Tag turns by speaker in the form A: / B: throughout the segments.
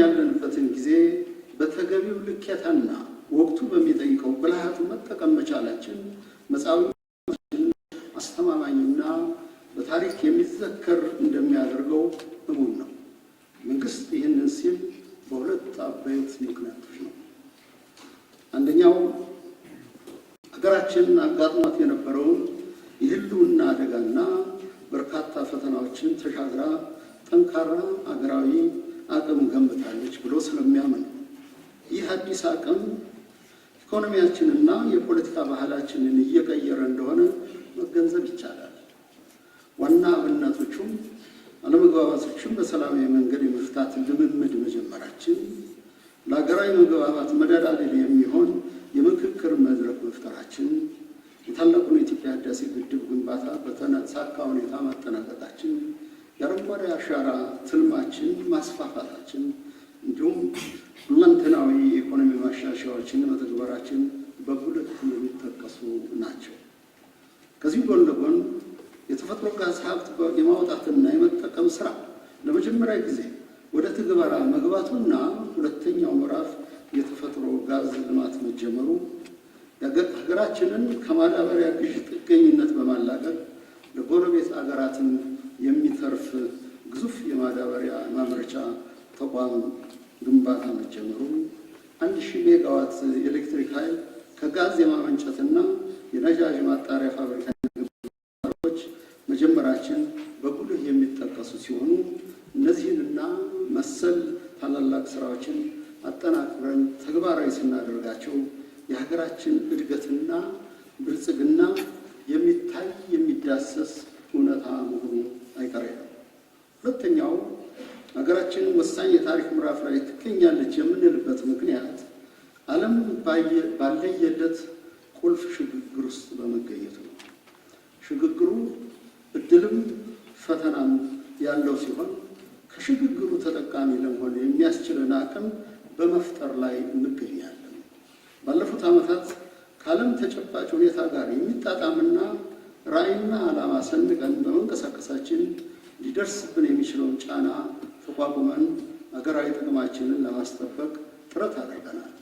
A: ያለንበትን ጊዜ በተገቢው ልኬታና ወቅቱ በሚጠይቀው ብልሃት መጠቀም መቻላችን መጻዊ አስተማማኝና በታሪክ የሚዘከር እንደሚያደርገው እሙን ነው። መንግስት ይህንን ሲል በሁለት አበይት ምክንያቶች ነው። አንደኛው ሀገራችን አጋጥሟት የነበረውን የህልውና አደጋና በርካታ ፈተናዎችን ተሻግራ ጠንካራ አገራዊ አቅም ገንብታለች ብሎ ስለሚያምን ይህ አዲስ አቅም ኢኮኖሚያችንና የፖለቲካ ባህላችንን እየቀየረ እንደሆነ መገንዘብ ይቻላል። ዋና አብነቶቹም አለመግባባቶችን በሰላማዊ መንገድ የመፍታት ልምምድ መጀመራችን፣ ለሀገራዊ መግባባት መደላደል የሚሆን የምክክር መድረክ መፍጠራችን፣ የታላቁን የኢትዮጵያ ህዳሴ ግድብ ግንባታ በተሳካ ሁኔታ ማጠናቀቃችን የአረንጓዴ አሻራ ትልማችን ማስፋፋታችን እንዲሁም ሁለንተናዊ የኢኮኖሚ ማሻሻያዎችን መተግበራችን በሁለቱ የሚጠቀሱ ናቸው። ከዚህ ጎን ለጎን የተፈጥሮ ጋዝ ሀብት የማውጣትና የመጠቀም ስራ ለመጀመሪያ ጊዜ ወደ ትግበራ መግባቱና ሁለተኛው ምዕራፍ የተፈጥሮ ጋዝ ልማት መጀመሩ ሀገራችንን ከማዳበሪያ ግዥ ጥገኝነት በማላቀቅ ለጎረቤት አገራትን የሚተርፍ ግዙፍ የማዳበሪያ ማምረቻ ተቋም ግንባታ መጀመሩ፣ አንድ ሺህ ሜጋዋት ኤሌክትሪክ ኃይል ከጋዝ የማመንጨትና የነዳጅ ማጣሪያ ፋብሪካ ግንባታዎች መጀመራችን በጉልህ የሚጠቀሱ ሲሆኑ እነዚህንና መሰል ታላላቅ ስራዎችን አጠናክረን ተግባራዊ ስናደርጋቸው የሀገራችን እድገትና ብልጽግና የሚታይ የሚዳሰስ እውነታ ሁለተኛው ሀገራችን ወሳኝ የታሪክ ምዕራፍ ላይ ትገኛለች የምንልበት ምክንያት ዓለም ባለየለት ቁልፍ ሽግግር ውስጥ በመገኘት ነው። ሽግግሩ እድልም ፈተናም ያለው ሲሆን ከሽግግሩ ተጠቃሚ ለመሆን የሚያስችልን አቅም በመፍጠር ላይ እንገኛለን። ባለፉት ዓመታት ከዓለም ተጨባጭ ሁኔታ ጋር የሚጣጣምና ራዕይና ዓላማ ሰንቀን በመንቀሳቀሳችን ሊደርስብን የሚችለውን ጫና ተቋቁመን ሀገራዊ ጥቅማችንን ለማስጠበቅ ጥረት አድርገናል።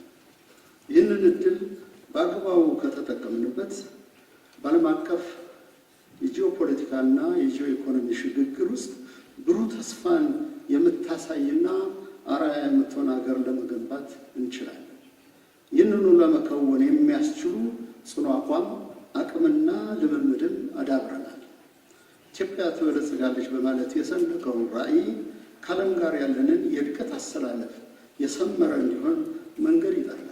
A: ይህንን እድል በአግባቡ ከተጠቀምንበት በዓለም አቀፍ የጂኦ ፖለቲካና የጂኦ ኢኮኖሚ ሽግግር ውስጥ ብሩህ ተስፋን የምታሳይና አራያ የምትሆን ሀገር ለመገንባት እንችላለን። ይህንኑ ለመከወን የሚያስችሉ ጽኑ አቋም ኢትዮጵያ ትበለጽጋለች በማለት የሰነቀውን ራዕይ ከዓለም ጋር ያለንን የእድገት አሰላለፍ የሰመረ እንዲሆን መንገድ ይጠራል።